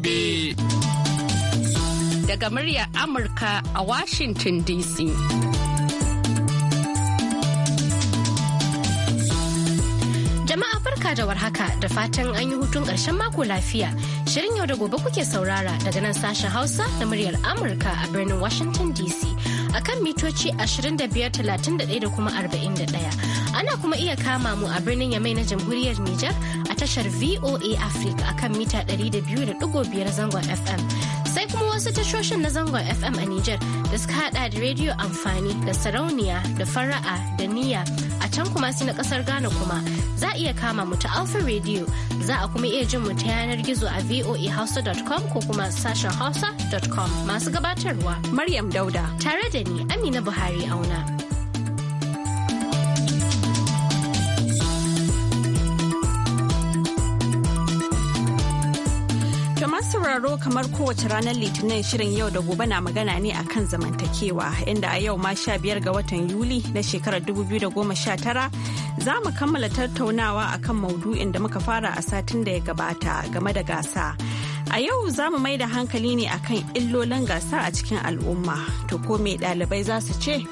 gobe. Daga muryar Amurka a Washington DC. Jama'a farka da warhaka da fatan an yi hutun ƙarshen mako lafiya. Shirin yau da gobe kuke saurara daga nan sashen Hausa na muryar Amurka a birnin Washington DC. akan mitoci 2531 da kuma 41. Ana kuma iya kama mu a birnin Yamai na jamhuriyar Nijar a tashar VOA Africa a kan mita 200.5 zangon FM. Sai kuma wasu tashoshin na zangon FM a Nijar da suka hada da rediyo amfani da sarauniya da fara'a da niyya a can kuma su na kasar Ghana kuma za a iya kama mu ta Alpha Radio za a kuma iya jin mu ta yanar gizo a voahausa.com ko kuma sashen hausa.com masu gabatarwa Maryam Dauda tare da ni Amina Buhari auna. sauraro kamar kowace ranar litinin shirin yau da gobe na magana ne akan zamantakewa inda a yau ma sha biyar ga watan yuli na shekarar dubu biyu da goma 2019 za mu kammala tattaunawa akan maudu'in da muka fara a satin da ya gabata game da gasa. A yau za mu mai da hankali ne akan illolin gasa a cikin al'umma. To ko me ɗalibai za su ce?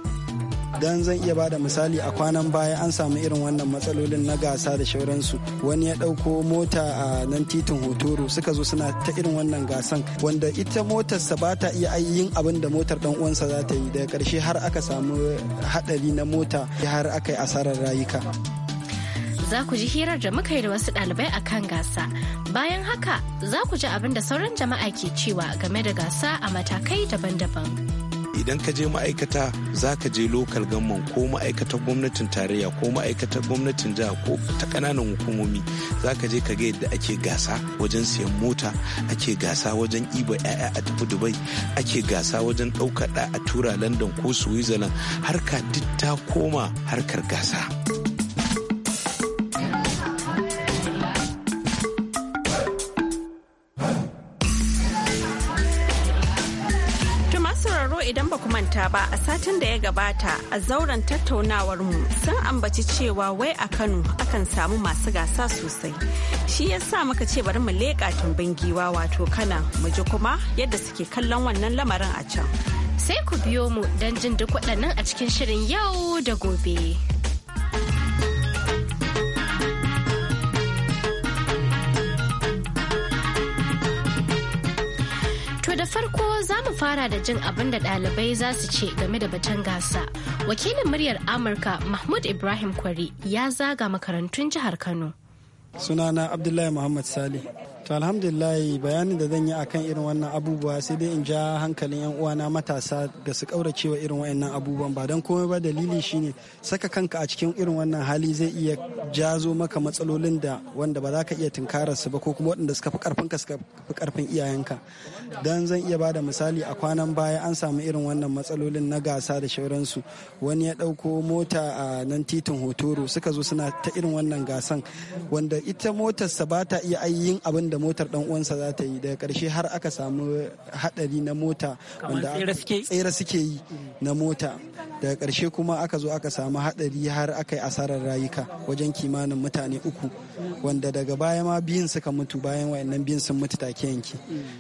dan zan iya bada misali a kwanan baya an samu irin wannan matsalolin na gasa da shauransu wani ya ɗauko mota a nan titin hotoro suka zo suna ta irin wannan gasan wanda ita motarsa ba ta iya yin abin da motar dan uwansa za ta yi daga ƙarshe har aka samu haɗari na mota har aka yi asarar rayuka. za ku ji hirar da muka yi da wasu ɗalibai a kan gasa. Bayan haka, za ku ji abin da sauran jama'a ke cewa game da gasa a matakai daban-daban. idan ka je ma'aikata za ka je lokal gamman ko ma'aikatar gwamnatin tarayya ko ma'aikatar gwamnatin jiha ko ta ƙananan hukumomi za ka je ka ga yadda ake gasa wajen siyan mota ake gasa wajen iba 'ya'ya a tafi dubai ake gasa wajen ɗaukar a tura london ko switzerland harka duk ta koma harkar gasa manta ba a satin da ya gabata a zauren tattaunawar mu sun ambaci cewa wai a Kano akan samu masu gasa sosai. Shi ya sa muka ce bari mu leƙa tumbin giwa wato kana mu ji kuma yadda suke kallon wannan lamarin a can. Sai ku biyo mu don jin duk waɗannan a cikin shirin yau da gobe. za mu fara da jin abin da ɗalibai za su ce game da batun gasa. Wakilin muryar Amurka Mahmud Ibrahim Kwari ya zaga makarantun jihar Kano. Sunana Abdullahi Muhammad sali To alhamdulillah bayanin da zan yi akan irin wannan abubuwa sai dai in ja hankalin yan uwana matasa da su kauracewa irin wayannan abubuwan ba don komai ba dalili shine saka kanka a cikin irin wannan hali zai iya jazo maka matsalolin da wanda ba za ka iya tunkararsu ba ko kuma waɗanda suka fi karfin ka suka fi karfin iyayenka. don zan iya bada misali a kwanan baya an samu irin wannan matsalolin na gasa da shauransu wani ya ɗauko mota a nan titin hotoro suka zo suna ta irin wannan gasan wanda ita motarsa ba ta iya yin abin da motar dan uwansa za ta yi daga karshe har aka samu haɗari na mota wanda tsere suke yi na mota daga karshe kuma aka zo aka samu haɗari har aka yi asarar rayuka wajen kimanin mutane uku wanda daga baya ma biyun suka mutu bayan wayannan biyun sun mutu take yanki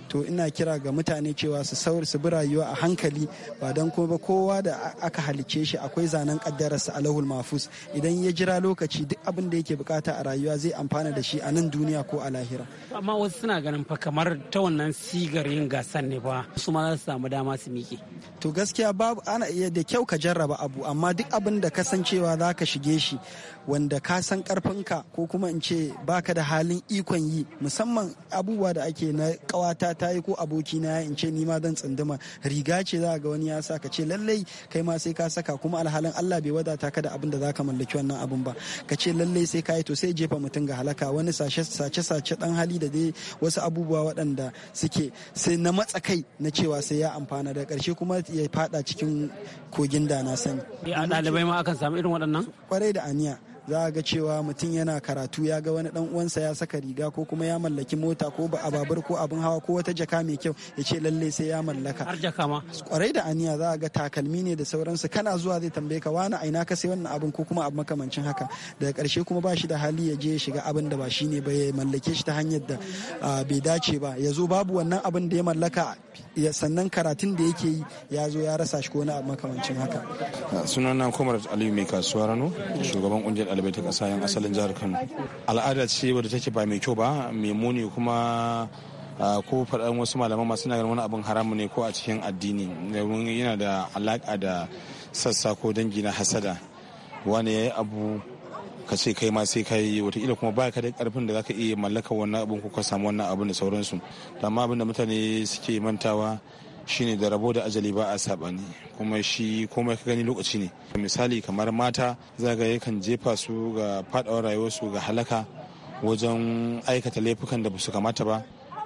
to ina kira ga mutane cewa su saur su bi rayuwa a hankali ba don kuma ba kowa da aka halice shi akwai zanen kaddararsa a alahul mafus idan ya jira lokaci duk abin da yake bukata a rayuwa zai amfana da shi a nan duniya ko a lahira amma wasu suna ganin fa kamar ta wannan sigar yin gasar ne ba su ma za su samu dama su miƙe to gaskiya babu ana iya da kyau ka jarraba abu amma duk abin da ka san cewa za ka shige shi wanda ka san karfinka ko kuma in ce baka da halin ikon yi musamman abubuwa da ake na kawata ta yi ko abu abokina in ce ni ma dan tsunduma riga ce za ga wani ya sa ka ce lallai kai ma sai ka saka kuma alhalin Allah bai wadata ka da abin da za ka mallaki wannan abun ba ka ce lallai sai ka yi to sai jefa mutum ga halaka wani sace sace sace dan hali da dai wasu abubuwa waɗanda suke sai na matsa kai na cewa sai ya amfana da ƙarshe kuma ya fada cikin kogin da na sani. ɗalibai ma akan samu irin waɗannan? Kwarai da aniya. za a ga cewa mutum yana karatu ya ga wani dan uwansa ya saka riga ko kuma ya mallaki mota ko ba babur ko abin hawa ko wata jaka mai kyau ya ce lalle sai ya mallaka har jaka ma kwarai da aniya za ga takalmi ne da sauransu kana zuwa zai tambaye ka wani aina ka sai wannan abin ko kuma abu makamancin haka daga karshe kuma ba shi da hali ya je ya shiga abin da ba shi ne ba ya mallake shi ta hanyar da bai dace ba ya zo babu wannan abin da ya mallaka sannan karatun da yake yi ya zo ya rasa shi ko wani abu makamancin haka sunana comrade aliyu mai kasuwa rano shugaban kungiyar ɗalibai ta ƙasa 'yan asalin jihar kano al'ada ce wadda take ba mai kyau ba mai muni kuma ko faɗan wasu malaman masu na ganin wani abin haramu ne ko a cikin addini domin yana da alaƙa da sassa ko dangi na hasada wani ya yi abu ka ce kai ma sai kai wataƙila kuma ba ka da ƙarfin da za ka iya mallaka wannan abin ko ka samu wannan abin da sauransu amma abin da mutane suke mantawa shine da rabo da ajali ba a sabani kuma shi komai ka gani lokaci ne misali kamar mata zaga yakan jefa su ga fadawar rayuwarsu ga halaka wajen aikata laifukan da ba su kamata ba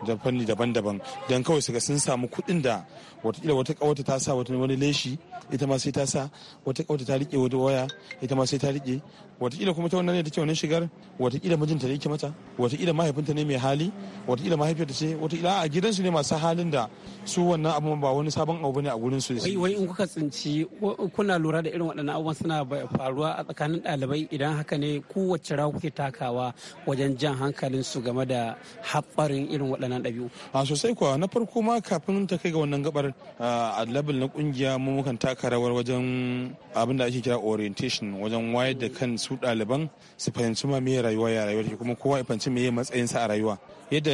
da fanni daban-daban don kawai suka sun samu kuɗin da watakila wata kawata ta sa wani leshi ita ma sai ta sa wata kawata ta rike wata waya ita ma sai ta rike watakila kuma ta wannan ne take wannan shigar watakila mijinta ne yake mata watakila mahaifinta ne mai hali watakila mahaifiyarta ce watakila a gidansu ne masu halin da su wannan abun ba wani sabon abu ne a gurin su wai wai in kuka tsinci kuna lura da irin waɗannan abubuwan suna faruwa a tsakanin ɗalibai idan haka ne kowace rawa kuke takawa wajen jan hankalin su game da haɓarin irin waɗannan ɗabi'u a sosai kuwa na farko ma kafin ta kai ga wannan gabar ah, a level na kungiya mu mukan taka rawar wajen abin da ake kira orientation wajen wayar da kan su su ɗaliban su fahimci ma meye rayuwa ya rayuwa ke kuma kowa ya fahimci meye matsayinsa a rayuwa yadda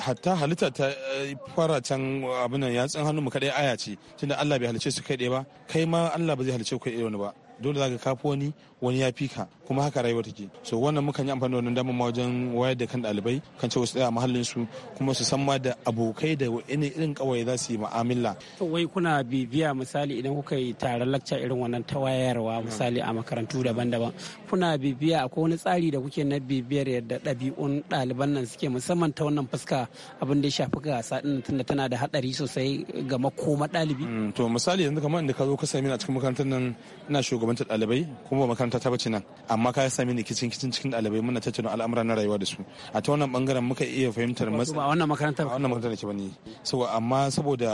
hatta halitta ta eh, fara can abin nan yatsun hannu mu kaɗai aya ce tunda Allah bai halice su kai ɗaya ba kai ma Allah ba zai halice ku kai ɗaya ba dole za ka kafo wani wani ya fi ka kuma haka rayuwa take so wannan mukan yi amfani da wannan damar wajen wayar da kan ɗalibai kan cewa su tsaya mahallin su kuma su san ma da abokai da wani irin kawai za su yi mu'amala to wai kuna bibiya misali idan kuka yi tare lakca irin wannan ta wayarwa misali a makarantu daban-daban kuna bibiya akwai wani tsari da kuke na bibiyar yadda ɗabi'un ɗaliban nan suke musamman ta wannan fuska abin da ya shafi gasa ɗin tunda tana da haɗari sosai ga makoma ɗalibi mm, to misali yanzu kamar inda ka zo ka sami a cikin makarantar nan ina shugaban shugabantar ɗalibai kuma makaranta ta bace nan amma ka ya sami ni kicin kicin cikin ɗalibai muna tattauna al'amura na rayuwa da su a ta wannan bangaren muka iya fahimtar matsa a wannan makaranta a wannan makarantar ke bane so amma saboda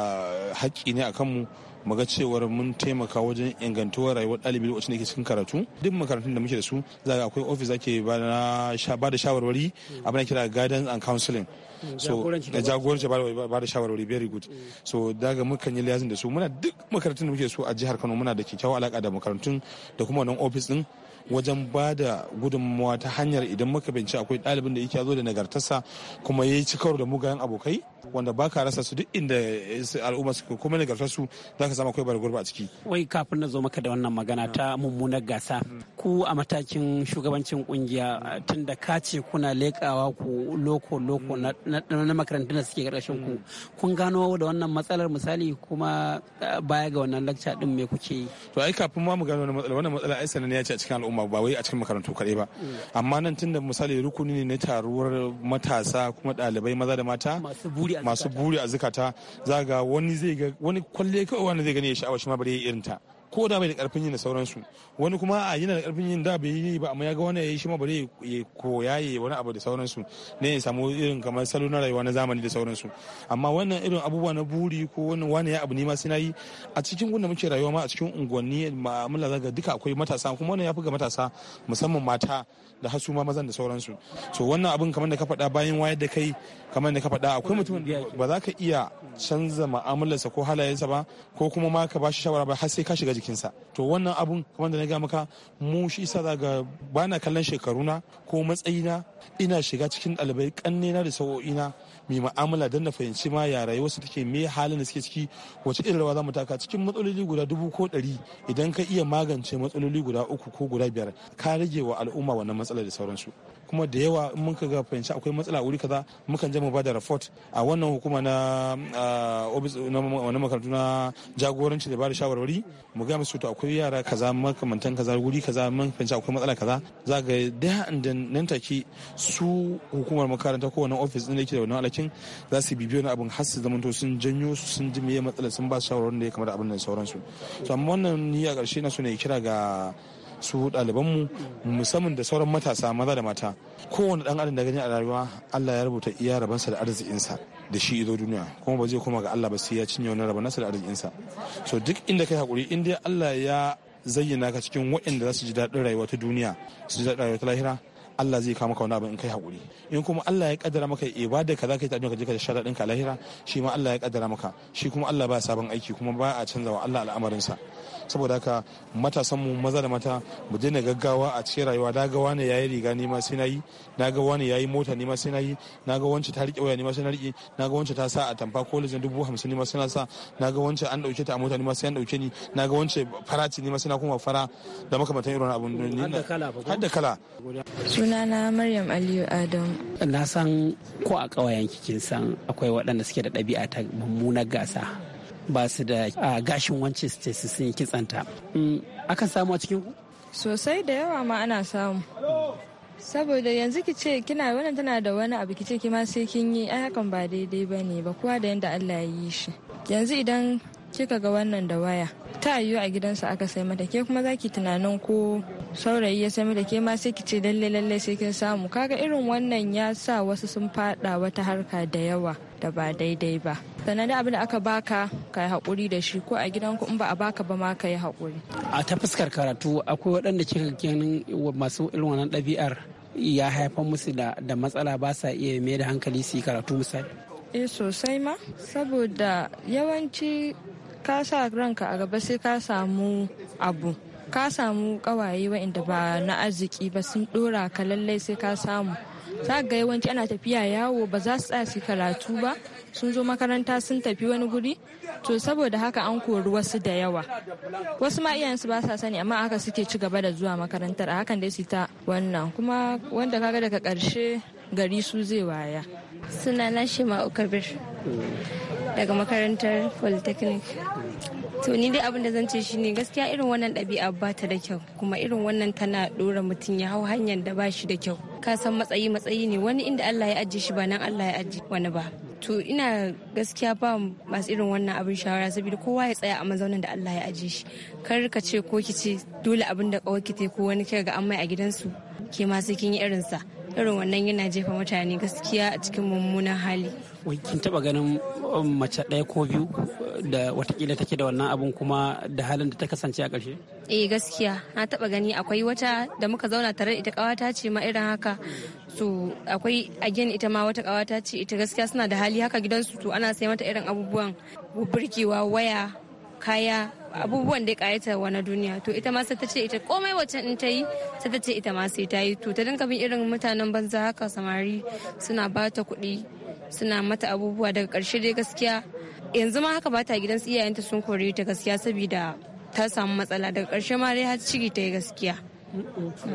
haƙƙi ne akan mu Maga cewar mun taimaka wajen ingantuwar rayuwar ɗalibi lokacin da ke cikin karatu duk makarantun da muke da su za ga akwai ofis ake ba da shawarwari abin da kira guidance and counseling mm, so da jagoranci ba da shawarwari very good mm. so daga mukan yi liyazin da su muna duk makarantun da muke su a jihar Kano muna da kyakkyawar alaka da makarantun da kuma wannan ofis din wajen ba da gudunmawa ta hanyar idan muka binci akwai ɗalibin da yake zo da nagartarsa kuma ya yi cikar da mugayen abokai wanda ba ka rasa su duk inda eh, al'umma su kuma nagartar su za ka zama kai bara gurba a ciki. Wai kafin na zo maka da wannan magana ta mummunar gasa ku a matakin shugabancin kungiya tun da ka ce kuna lekawa ku loko loko na makarantun da suke karkashin ku kun gano da wannan matsalar misali kuma eh, baya ga wannan lakca din me kuke yi. To ai kafin ma mu gano wannan matsala wannan matsala ai sanan ya ce a cikin al'umma ba wai a cikin makarantu kaɗai ba mm. amma nan tun da misali rukuni ne na taruwar matasa kuma ɗalibai maza da mata. Masu buri masu buri a zukata za ga wani zai ga wani kwalle kawai wani zai gani ya sha'awa shi ma bare irin ta ko da bai da karfin yin da sauransu wani kuma a yana da karfin yin da bai yi ba amma ya ga wani ya yi shi ma bari ya koya ya wani abu da sauransu ne ya samu irin kamar salo na rayuwa na zamani da sauransu amma wannan irin abubuwa na buri ko wannan wani ya abu ne ma sai na yi a cikin gunda muke rayuwa ma a cikin unguwanni ma'amala zaga duka akwai matasa kuma wannan ya fi ga matasa musamman mata da hasu ma mazan da sauransu so wannan abin kamar da ka faɗa bayan wayar da kai kamar da ka faɗa akwai mutumin ba za ka iya canza ma'amularsa ko halayensa ba ko kuma ma ka ba shi shawara ba har sai ka shiga jiki jikinsa to wannan abun kamar da na ga maka mu shi isa daga ba na kallon shekaruna ko matsayina ina shiga cikin ɗalibai ƙannena da sa'o'ina mai ma'amala don na fahimci ma ya rayuwarsu take me halin da suke ciki wace irin rawa za mu taka cikin matsaloli guda dubu ko ɗari idan ka iya magance matsaloli guda uku ko guda biyar ka rage wa al'umma wannan matsala da sauransu kuma da yawa in mun ga fahimci akwai matsala wuri kaza mukan je mu ba da report a wannan hukuma na na makarantu na jagoranci da ba da shawarwari mu ga musu to akwai yara kaza makamantan kaza wuri kaza mun fahimci akwai matsala kaza za ga da nan take su hukumar makaranta ko wannan office din da yake da wannan alakin za su bibiyo na abin har su to sun janyo su sun ji meye matsala sun ba shawarwarin da ya kamata abin da sauransu to amma wannan ni a ƙarshe na so ne kira ga su mu musamman da sauran matasa maza da mata kowane ɗan adam da gani a rayuwa allah ya rubuta iya rabansa da arzikinsa da shi izo duniya kuma ba zai koma ga allah ba sai ya cinye wani raba nasa da arzikinsa so duk inda kai hakuri in dai allah ya zayyana ka cikin waɗanda za su ji daɗin rayuwa ta duniya su ji daɗin rayuwa ta lahira Allah zai kawo maka wani abu in kai hakuri in kuma Allah ya kaddara maka ibada zaka yi ta ka je ka daɗin ka lahira shi ma Allah ya kaddara maka shi kuma Allah ba sabon aiki kuma ba a wa Allah al'amarin sa. saboda haka matasan mu maza da mata mu daina gaggawa a cikin rayuwa na ga wani yayi riga ni ma sai nayi na ga wani yayi mota ni ma sai nayi na ga wance ta rike waya ni ma sai na rike na ga wance ta sa a tamfa college dubu hamsin ni ma sai na sa na ga wance an dauke ta a mota ni ma sai an dauke ni na ga wance farati ni ma sai na kuma fara da makamantan irin abun ni har da kala sunana maryam aliyu adam na san ko a ƙawayen kin san akwai waɗanda suke da ɗabi'a ta mummunar gasa ba su da gashin wancin su ce su sun yi kitsanta mm, akan samu a cikin sosai da yawa ma ana samu saboda yanzu ki ce kina wannan tana da wani abu ki ce ki ma sai kin yi ai hakan ba daidai ba ne ba kowa da yanda Allah ya yi shi yanzu idan kika ga wannan da waya ta yi a gidansa aka sai mata ke kuma zaki tunanin ko saurayi ya sai mata ke ma sai ki ce lalle lalle sai kin samu kaga irin wannan ya sa wasu sun fada wata harka da yawa da ba daidai ba sannan abin da aka baka ka yi haƙuri da shi ko a gidanku in ba a baka ba ma ka yi haƙuri a ta fuskar karatu akwai waɗanda kika ganin masu irin wannan ɗabi'ar ya haifar musu da matsala ba sa iya mai da hankali su yi karatu misali eh sosai ma saboda yawanci ka sa ranka a gaba sai ka samu abu ka samu kawaye wa'inda ba na arziki ba sun dora ka lallai sai ka samu za ga yawanci ana tafiya yawo ba za su tsaya karatu ba sun zo makaranta sun tafi wani guri to saboda haka an kori wasu da yawa wasu ma iyayensu ba sa sani amma haka suke ci gaba da zuwa makarantar a hakan dai su ta wannan kuma wanda kaga daga karshe gari su zai waya suna na shi ukabir daga makarantar polytechnic to ni dai abin da zan ce shi ne gaskiya irin wannan ɗabi'a ba ta da kyau kuma irin wannan tana ɗora mutum ya hau hanyar da ba shi da kyau ka san matsayi matsayi ne wani inda allah ya ajiye shi ba nan allah ya ajiye wani ba to ina gaskiya ba masu irin wannan abin shawara saboda kowa ya tsaya a mazaunin da Allah ya ajiye shi kar ka ce ko ki ce dole abin da kawai ki ko wani kira ga an mai a gidansu ke ma sai kin yi irinsa irin wannan yana jefa mutane gaskiya a cikin mummunan hali kin taba ganin um, mace ɗaya ko biyu uh, da watakila take da wannan abun kuma da halin da ta kasance a ƙarshe? Eh gaskiya na taba gani akwai wata da muka zauna tare da ita kawata ce ma irin haka to akwai again ita ma wata kawata ce ita gaskiya suna da hali haka gidansu to ana sai mata irin abubuwan burkewa waya kaya abubuwan da ya kayata wa na duniya to ita ma sai ta ce ita komai wacce in ta yi sai ta ce ita ma sai ta yi to ta dinka bin irin mutanen banza haka samari suna bata kuɗi suna mata abubuwa daga karshe dai gaskiya yanzu ma haka bata gidan su iyayenta sun kore ta gaskiya saboda ta samu matsala daga karshe ma dai har ciki ta yi gaskiya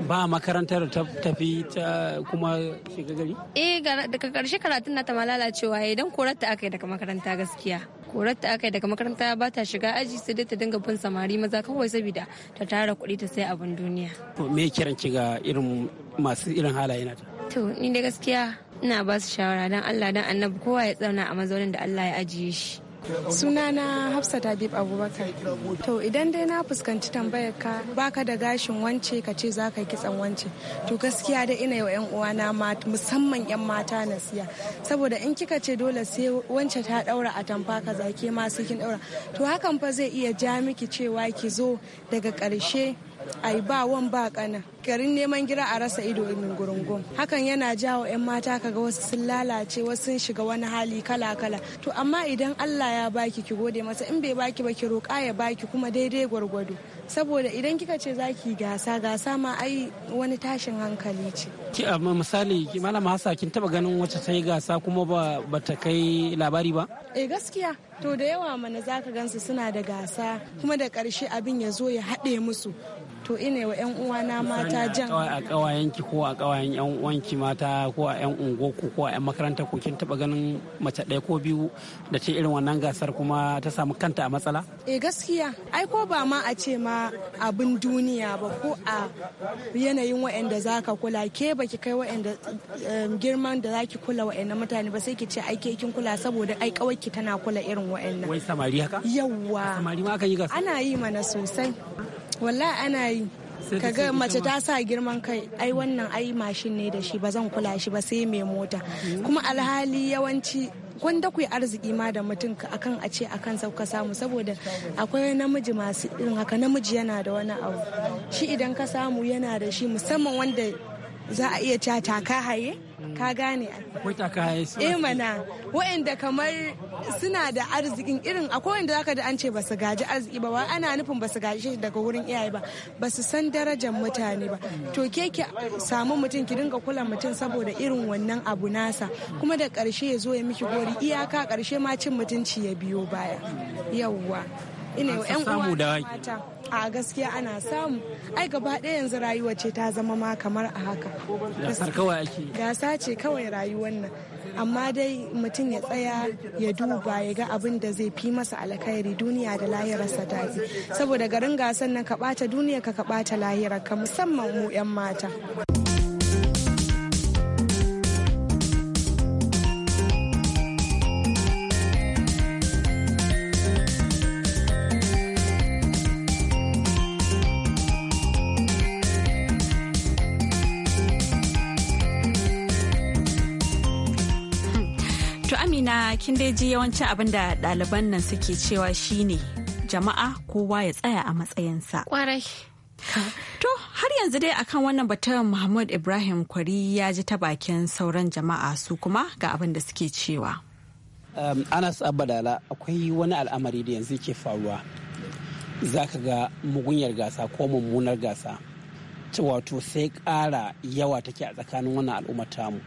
ba makarantar ta tafi ta kuma shiga gari? eh daga karshe karatun na ta ma lalacewa idan korar ta aka yi daga makaranta gaskiya korar ta aka yi daga makaranta ba ta shiga aji sai dai ta dinga bin samari maza kawai saboda ta tara kuɗi ta sai abin duniya me kiran ki ga irin masu irin halaye na ta to ni da gaskiya ina ba su shawara don allah don annabi kowa ya tsauna a mazaunin da allah ya ajiye shi sunana hafsat habib abubakar to idan dai na fuskanci tambayar ka baka da gashin wance ka ce za ka yi kitsan wance to gaskiya da ina yi wa yan uwana musamman yan mata na siya saboda in kika ce dole sai wance ta daura a tamfa ka zake ma sai kin daura to hakan fa zai iya ja miki cewa ki zo daga karshe ai ba wan ba kana garin neman gida a rasa ido gurungun hakan yana jawo 'yan mata kaga wasu sun lalace wasu sun shiga wani hali kala kala to amma idan allah ya baki ki gode masa in bai baki ba ki roƙa ya baki kuma daidai gwargwado saboda idan kika ce za ki gasa gasa ma ai wani tashin hankali ce ki amma ah, misali malama hasa kin taba ganin wacce ta yi gasa kuma ba bata kai labari ba eh gaskiya to da yawa mana zaka gansu suna da gasa kuma da karshe abin ya zo ya haɗe musu to ina wa yan uwana mata jan a kawayen ki ko a kawayen yan uwanki mata ko a yan ungoku ko a yan makaranta ko kin taba ganin mace ɗaya ko biyu da ce irin wannan gasar kuma ta samu kanta a matsala eh gaskiya ai ko ba ma a ce ma abin duniya ba ko a yanayin waɗanda zaka kula ke baki kai waɗanda girman da zaki kula waɗannan mutane ba sai ki ce ai ke kin kula saboda ai kawai tana kula irin waɗannan wai samari haka yawwa samari ma aka yi gasa ana yi mana sosai Walla ana yi. kaga mace ta sa girman kai ai wannan ai mashin ne da shi ba zan kula shi ba sai mai mota mhm. kuma alhali yawanci gwanda ku arziki ma da mutum akan a ce akan sauka samu saboda akwai namiji masu irin haka namiji yana da wani abu shi idan ka samu yana da shi musamman wanda za a iya ta ka haye ka gane eh mana waɗanda kamar suna da arzikin irin a wanda zaka da an ce basu gaji arziki ba wa ana nufin basu gaji shi daga wurin iyaye ba basu san darajar mutane ba to ke ki samu mutum ki dinga kula mutum saboda irin wannan abu nasa kuma da karshe ya zo ya miki gori iyaka karshe ma cin mutunci ya biyo baya yawwa ina yau yan uwa mata a gaskiya ana samu ai gaba ɗaya yanzu rayuwa ce ta zama ma kamar a haka gasa ce kawai rayuwar nan amma dai mutum ya tsaya ya duba ya ga abin da zai fi masa alkhairi duniya da lahirarsa ta yi saboda garin gasar nan ka ɓata duniya ka ka ɓata lahirar musamman mu 'yan mata. Amina kin dai ji yawancin abin da ɗaliban nan suke cewa shine jama'a kowa ya tsaya a matsayinsa. Kwarai. To har yanzu dai akan wannan batun Muhammad Ibrahim Kwari ya ji ta bakin sauran jama'a su kuma ga abin da suke cewa. Um, Anas Abadala akwai wani al'amari da yanzu ke faruwa za ka ga mugunyar gasa ko mummunar gasa wato sai kara yawa take a tsakanin wannan al'ummar tamu.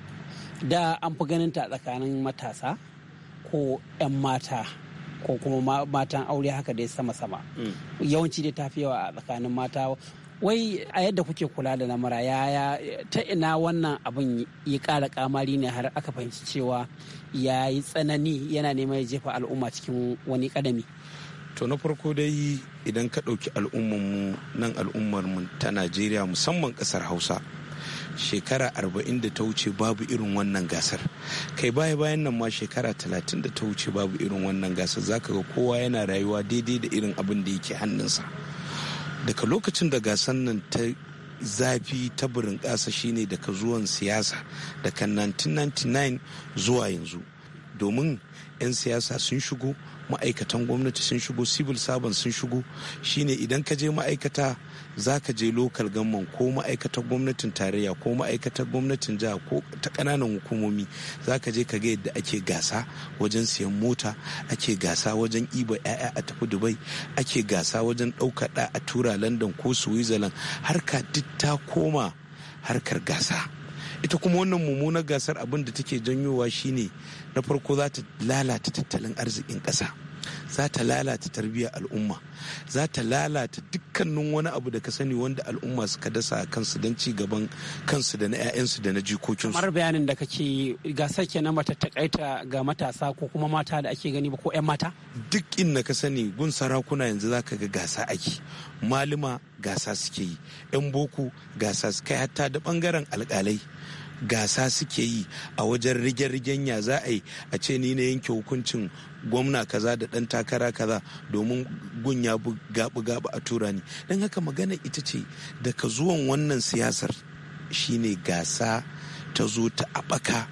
da an fi ganin ta tsakanin matasa ko 'yan mata ko kuma matan aure haka dai sama-sama mm. yawanci dai ta fi yawa a tsakanin mata wai a yadda kuke kula da lamura ya ta ina wannan abin ya kara kamari ne har aka fahimci cewa ya yi tsanani yana neman ya jefa al'umma cikin wani kadami to na farko dai idan ka ɗauki al'ummarmu nan al'ummarmu ta najeriya musamman ƙasar hausa shekara arba'in da ta wuce babu irin wannan gasar kai baya bayan nan ma shekara talatin da ta wuce babu irin wannan gasar za ka ga kowa yana rayuwa daidai da irin abin da yake hannunsa daga lokacin da gasar nan ta zafi ta burin shine daga zuwan siyasa daga 1999 zuwa yanzu domin 'yan siyasa sun shigo ma'aikatan gwamnati sun shigo civil sabon sun shigo shine idan ka je ma'aikata za ka je lokal gamman ko ma'aikatar gwamnatin tarayya ko ma'aikatar gwamnatin jiha ko ta kananan hukumomi za ka je ka ga yadda ake gasa wajen siyan mota ake gasa wajen iba 'ya'ya a tafi dubai ake gasa wajen ɗauka ɗa a tura london ko switzerland harka duk ta koma harkar gasa ita kuma wannan mummunar gasar abin da take janyowa shine na farko za ta lalata tattalin arzikin ƙasa za ta lalata tarbiyyar al'umma za ta lalata dukkanin wani abu da ka sani wanda al'umma suka dasa kansu don ci gaban kansu da na 'ya'yansu da na jikokinsu kamar bayanin da kake gasar na mata takaita ga matasa ko kuma mata da ake gani ba ko 'yan mata duk inda ka sani gun sarakuna yanzu za ka ga gasa ake malima gasa suke yi 'yan boko gasa suke hatta da bangaren alkalai gasa suke yi a wajen rige-rigen ya za a yi a ce ni na yanke hukuncin gwamna kaza da ɗan takara kaza domin gun ya gabu-gabu a tura ni don haka magana ita ce daga zuwan wannan siyasar shine gasa ta zo ta abaka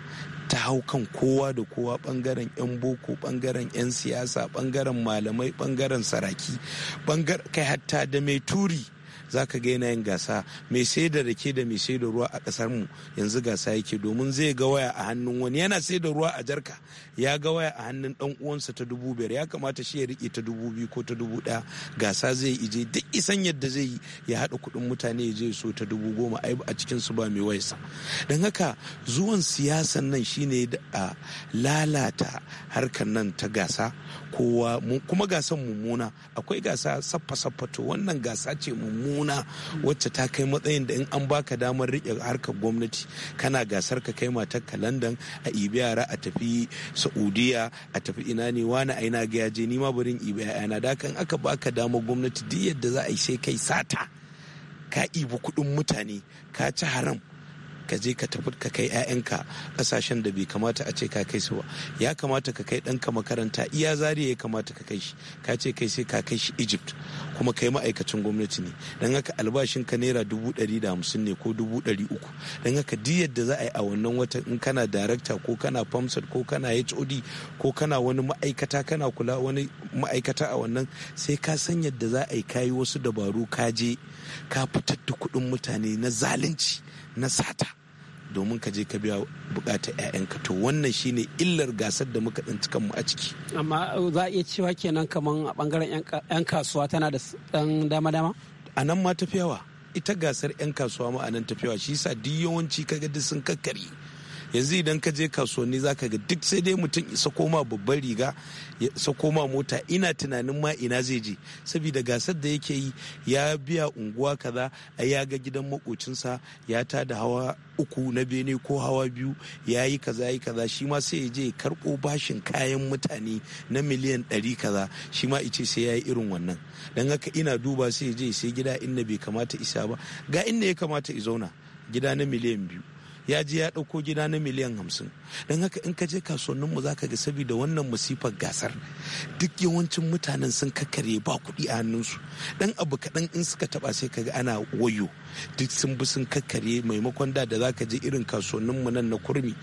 ta hau kan kowa da kowa bangaren 'yan boko bangaren 'yan siyasa bangaren malamai bangaren saraki kai hatta da mai turi za ka ga yanayin gasa mai sai da rake da mai sai da ruwa a kasar mu yanzu gasa yake domin zai ga waya a hannun wani yana sai da ruwa a jarka ya ga waya a hannun dan uwansa ta dubu biyar ya kamata shi ya rike ta dubu biyu ko ta dubu ɗaya gasa zai ije duk isan yadda zai yi ya haɗa kuɗin mutane ya je so ta dubu goma ai a cikin su ba mai waisa don haka zuwan siyasan nan shine a lalata harkar nan ta gasa kowa kuma gasan mummuna akwai gasa saffa saffa to wannan gasa ce mummuna wacce ta kai matsayin da in an baka damar riƙe harkar gwamnati kana gasar ka kai matar ka London a ibi yara a tafi Saudiya a tafi ina ne wani aina ga yaje ni ma barin ibi yana da aka baka damar gwamnati duk yadda za a yi sai kai sata ka ibi kuɗin mutane ka ci haram ka je ka tafi ka kai 'ya'yanka kasashen da bai kamata a ce ka kai su ba ya kamata ka kai ɗanka makaranta iya zariya ya kamata ka kai shi ka ce kai sai ka kai shi egypt kuma kai ma'aikacin gwamnati ne don haka albashin ka naira dubu ɗari da hamsin ne ko dubu ɗari uku don haka duk yadda za a yi a wannan watan in kana darakta ko kana famsat ko kana hod ko kana wani ma'aikata kana kula wani ma'aikata a wannan sai ka san yadda za a yi kayi wasu dabaru ka je ka fitar da kuɗin mutane na zalunci na sata domin ka je ka biya bukatar 'ya'yanka to wannan shine illar gasar da muka tsinci kanmu a ciki amma uh, za a iya cewa kenan kaman a bangaren 'yan kasuwa tana da dan dama-dama a nan ma tafiyawa ita gasar 'yan kasuwa ma a nan tafiyawa shi yasa duk yawanci kaga duk sun kakkari yanzu idan ka je kasuwanni za ka ga duk sai dai mutum isa koma babban riga ya koma mota ina tunanin ma ina zai je saboda gasar da yake yi ya biya unguwa kaza ya ga gidan makocinsa ya ta da hawa uku na bene ko hawa biyu ya yi kaza yi kaza shi ma sai ya je karɓo bashin kayan mutane na miliyan ɗari kaza shi ma ice sai ya yi irin wannan don haka ina duba sai ya je sai gida inda bai kamata isa ba ga inda ya kamata i zauna gida na miliyan biyu ya je ya ɗauko gida na miliyan hamsin don haka in ka je kasuwannin mu zaka ga saboda wannan masifar gasar duk yawancin mutanen sun kakkarye ba kuɗi a hannunsu dan abu kaɗan in suka taɓa sai ka ga ana wayo duk sun bi sun kakkarye maimakon da da zaka je irin kasuwannin mu nan na kurmi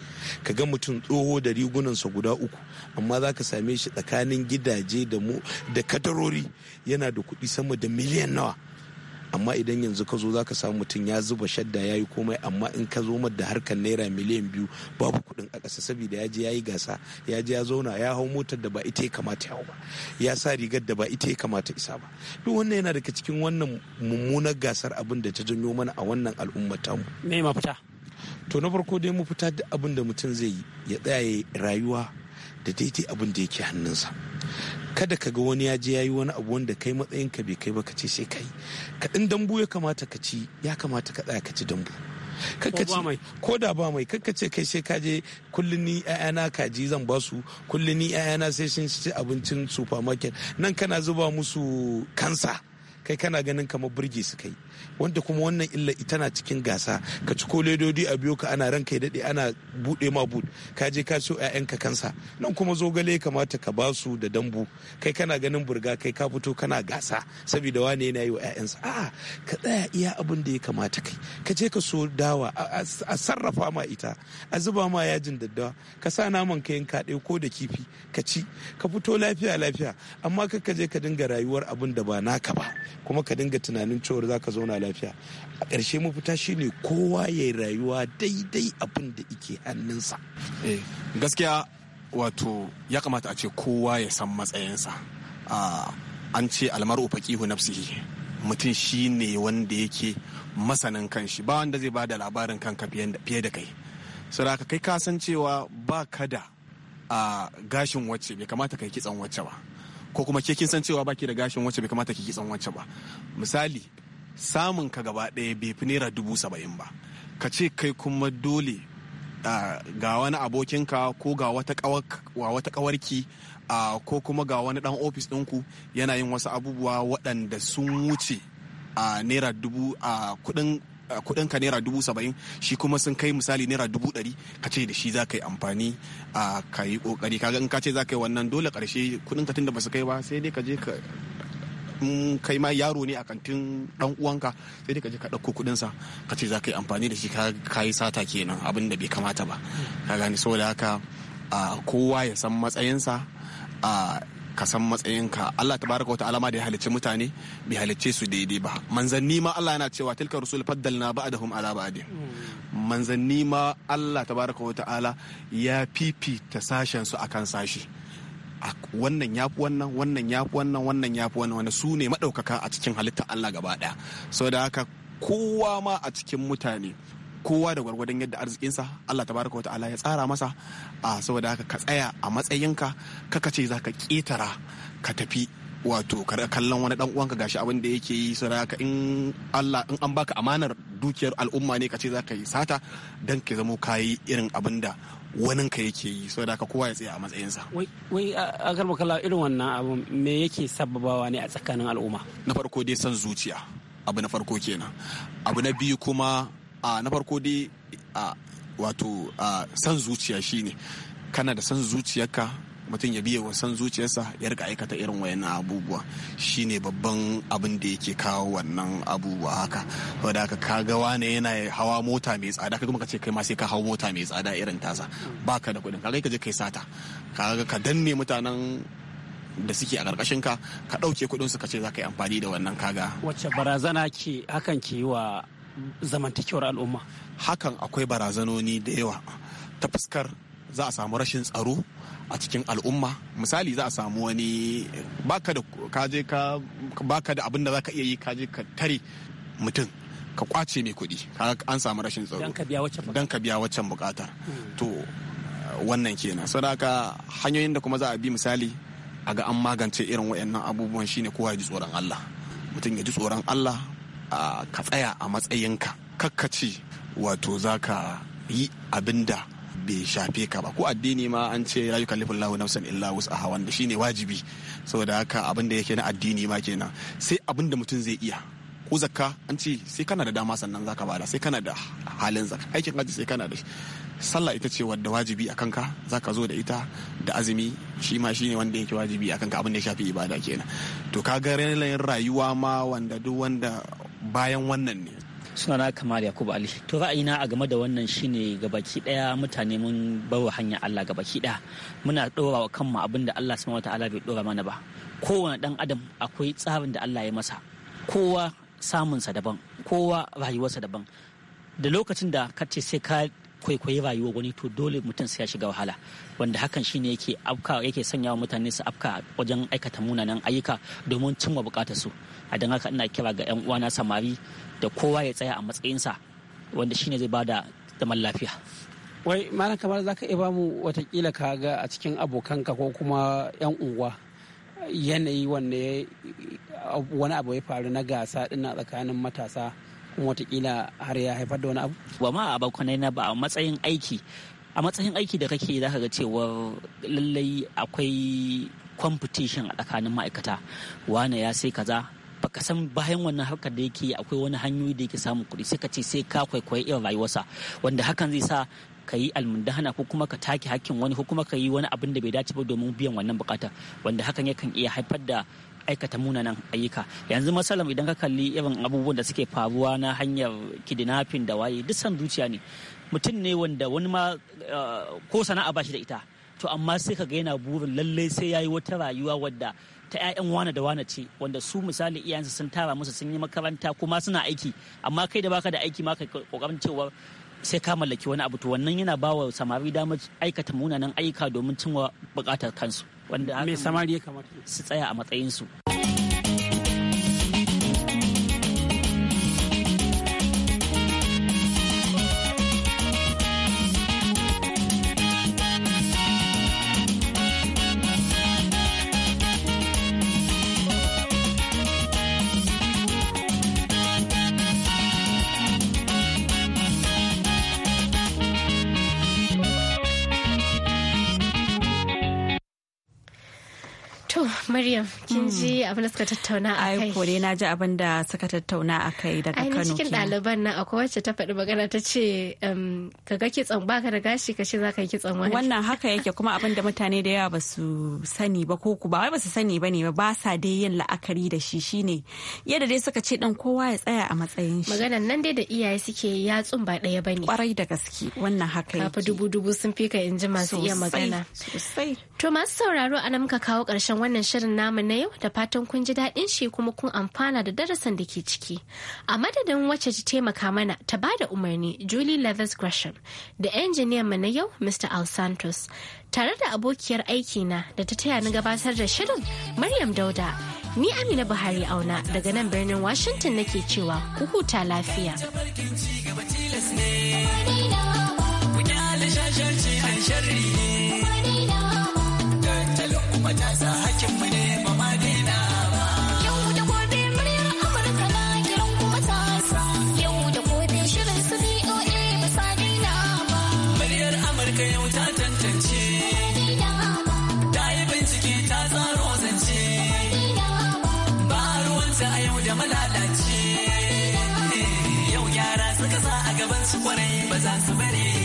ka ga mutum tsoho da rigunansa guda uku amma zaka same shi tsakanin gidaje da mu da kadarori yana da kuɗi sama da miliyan nawa amma idan yanzu ka zo za ka samu mutum ya zuba shadda ya yi komai amma in ka zo da harkar naira miliyan biyu babu kuɗin a ƙasa saboda ya je ya yi gasa ya je ya zauna ya hau motar da ba ita ya kamata ya ba ya sa rigar da ba ita ya kamata isa ba duk wannan yana daga cikin wannan mummunar gasar abin da ta janyo mana a wannan al'ummata. mu. me mafita to na farko dai mu fita duk abin da mutum zai yi ya tsaya rayuwa da daidai abin da yake hannunsa kada ka ga wani ya je ya yi wani abu wanda kai matsayin ka bai kai ba ka ce sai kai ka ɗin dambu ya kamata ka ci ya kamata ka tsaya ka ci dambu ko da ba mai kakka ce kai sai kaje kullum ni ƴaƴana kaji zan ba su kullum ni ƴaƴana sai sun ci abincin supermarket nan kana zuba musu kansa kai kana ganin kamar burge su kai wanda kuma wannan illa tana cikin gasa ka ci ko ledodi a biyo ka ana ran kai daɗe ana buɗe ma bud ka je ka siyo ka kansa nan kuma zogale kamata ka ba su da dambu kai kana ganin burga kai ka fito kana gasa saboda wane yana yi wa ƴaƴansa a'a ka tsaya iya abin da ya kamata kai ka je ka so dawa a sarrafa ma ita a zuba ma yajin daddawa ka sa naman kayan ka ko da kifi ka ci ka fito lafiya lafiya amma ka je ka dinga rayuwar abin da ba naka ba kuma ka dinga tunanin cewar za ka zauna zauna lafiya a ƙarshe mafita shine kowa ya yi rayuwa daidai abin da ike hannunsa eh, gaskiya wato ya kamata a ce kowa ya san matsayinsa an ce almaru faqihu nafsihi mutum shi ne wanda yake masanin kanshi ba wanda zai ba da labarin kanka fiye da kai saraka kai ka san cewa ba ka da gashin wacce bai kamata kai kitsan wacce ba ko kuma ke kin san cewa baki da gashin wacce bai kamata ki kitsan wacce ba misali samun ka gaba ɗaya bai fi naira dubu saba'in ba ka ce kai kuma dole ga wani abokinka ko ga wata kawarki ko kuma ga wani dan ofis ɗinku yana yin wasu abubuwa waɗanda sun wuce a naira dubu a kuɗin kudin ka naira dubu saba'in shi kuma sun kai misali naira dubu ɗari ka ce da shi za ka yi amfani a ka yi kokari kaga in ka ce za ka yi wannan dole karshe kudin ka tunda ba su kai ba sai dai ka je ka in kai ma yaro ne a kantin dan uwanka sai dai ka je ka ɗauko kuɗin sa ka ce za ka yi amfani da shi ka yi sata kenan abin da bai kamata ba ka so saboda haka kowa ya san matsayinsa a ka san matsayinka Allah Ta baraka wata alama da ya halicci mutane bai halicce su daidai ba manzanni ma Allah yana cewa tilka rusul faddalna ba'dahum ala ba'din manzanni ma Allah Ta baraka wata ala ya fifita sashen su akan sashi wannan ya fi wannan wannan ya fi wannan wannan ya fi wannan wani su ne maɗaukaka a cikin halittar Allah gaba ɗaya saboda haka kowa ma a cikin mutane kowa da gwargwadon yadda arzikinsa Allah tabaraka wa ta'ala ya tsara masa a saboda haka ka tsaya a matsayinka kaka ce za ka ƙetara ka tafi wato kallon wani dan uwanka gashi abin da yake yi saraka in Allah in an baka amanar dukiyar al'umma ne ka ce za ka yi sata dan ka zamo yi irin abin da wanin ka yake yi saboda haka kowa ya tsaya a matsayinsa wai a garba kala irin wannan abu me yake sababawa ne a tsakanin al'umma na farko dai san zuciya abu na farko kenan abu na biyu kuma a na farko dai a wato san zuciya shine kana da san zuciyarka mutum ya biye wasan zuciyarsa ya rika aikata irin wayan abubuwa shine babban abin da yake kawo wannan abubuwa haka saboda haka ka ga wane yana hawa mota mai tsada ka kuma ka ce kai ma sai ka hawa mota mai tsada irin tasa baka da kuɗin kaga ka je kai sata kaga ka danne mutanen da suke a ƙarƙashin ka ka ɗauke kuɗin su ka ce za ka yi amfani da wannan kaga wacce barazana ke hakan ke yi wa zamantakewar al'umma hakan akwai barazanoni da yawa ta fuskar za a samu rashin tsaro a cikin al'umma misali za a samu wani baka da kaje ka baka da abin da zaka iya yi kaje ka tare mutum ka kwace mai kuɗi an samu rashin tsaro don ka biya waccan bukatar hmm. to wannan kenan sadaka hanyoyin da kuma za a bi misali a ga an magance irin wayannan abubuwan shine kowa ya ji tsoron Allah mutum ya ji tsoron Allah ka tsaya a matsayinka kakkaci wato za ka yi abinda. bai shafe ka ba ko addini ma an ce la yukallifu Allahu nafsan illa wus'aha wanda shine wajibi saboda haka abin da yake na addini ma kenan sai abin da mutum zai iya ko zakka an ce sai kana da dama sannan zaka bada sai kana da halin zakka aikin haji sai kana da shi sallah ita ce wadda wajibi a kanka zaka zo da ita da azumi shi ma shine wanda yake wajibi a kanka abin da ya shafi ibada kenan to ka ga rayuwa ma wanda duk wanda bayan wannan ne sunana kamar yakubu ali to ra'ayina a game da wannan shine baki daya mutane mun bawa hanya allah ga baki daya muna dora kanmu abin da allah subhanahu wataala bai dora mana ba kowane dan adam akwai tsarin da allah ya masa kowa samunsa daban kowa rayuwarsa daban da lokacin da ka ce sai ka kwaikwayi rayuwar wani to dole mutum sai ya shiga wahala wanda hakan shine yake afka yake sanya mutane su afka wajen aikata munanan ayyuka domin cimma bukatar su a don haka ina kira ga yan uwana samari da kowa ya tsaya a matsayinsa wanda shine zai bada zaman lafiya wai malam kamar zaka iya bamu watakila ka ga a cikin abokanka ko kuma yan unguwa yanayi wanda wani abu ya faru na gasa dinna tsakanin matasa kuma watakila har ya haifar da wani abu ba ma abokanai na ba a matsayin aiki a matsayin aiki da kake za ka ga cewa lallai akwai competition a tsakanin ma'aikata wane ya sai kaza baka san bayan wannan harkar da yake akwai wani hanyoyi da yake samun kuɗi sai ka ce sai ka kwaikwayi irin rayuwarsa wanda hakan zai sa ka yi almundahana ko kuma ka take hakkin wani ko kuma ka yi wani abin da bai dace ba domin biyan wannan bukata wanda hakan yakan iya haifar da aikata munanan ayyuka yanzu masalam idan ka kalli irin abubuwan da suke faruwa na hanyar kidnapping da waye duk san zuciya ne mutum ne wanda wani ma eh, ko sana'a ba shi da ita to amma sai ka ga yana burin lallai sai yayi wata rayuwa wadda ta 'ya'yan wana da wane ce wanda su misali iyayensu sun tara musu sun yi makaranta kuma suna aiki amma kai da baka da aiki ma ka kokarin cewa sai ka mallaki wani abu to wannan yana bawa samari damar aikata munanan ayyuka domin cinwa bukatar kansu wanda mai samari ya kamata su tsaya a matsayinsu. su To Maryam kin hmm. ji abin da suka tattauna a kai. Ai dai na ji abin da suka tattauna a kai daga Kano. Ai cikin ɗaliban nan akwai wacce ta faɗi magana ta ce ka ga kitson baka da gashi ka ce za ka yi kitson wani. Wannan haka yake kuma abin da mutane da yawa ba su sani ba ko ba wai ba su sani ba ne ba sa dai yin la'akari da shi shine yadda dai suka ce dan kowa ya tsaya a matsayin shi. Maganan nan dai da iyaye suke yatsun ba ɗaya ba ne. Kwarai da gaske wannan haka yake. Kafa dubu dubu sun fi ka in ji masu iya magana. Sosai. To masu sauraro a nan muka kawo ƙarshen wannan shirin namu na yau da fatan kun ji daɗin shi kuma kun amfana da darasin da ke ciki. A madadin wacce ji taimaka mana ta ba da umarni Julie Leathers Gresham da injiniyan mu na yau Mr. Al Santos tare da abokiyar aiki na da ta taya ni gabatar da shirin Maryam Dauda. Ni Amina Buhari Auna daga nan birnin Washington nake cewa ku huta lafiya. matasa hakkin mu ne ba ma daina ba yau da gobe muryar amurka na kiran ku matasa yau da gobe shirin su BOA ba sa daina ba muryar amurka yau ta tantance ta yi bincike ta tsaro zance ba ruwanta a yau da malalace yau gyara suka sa a gaban su kwarai ba za su bari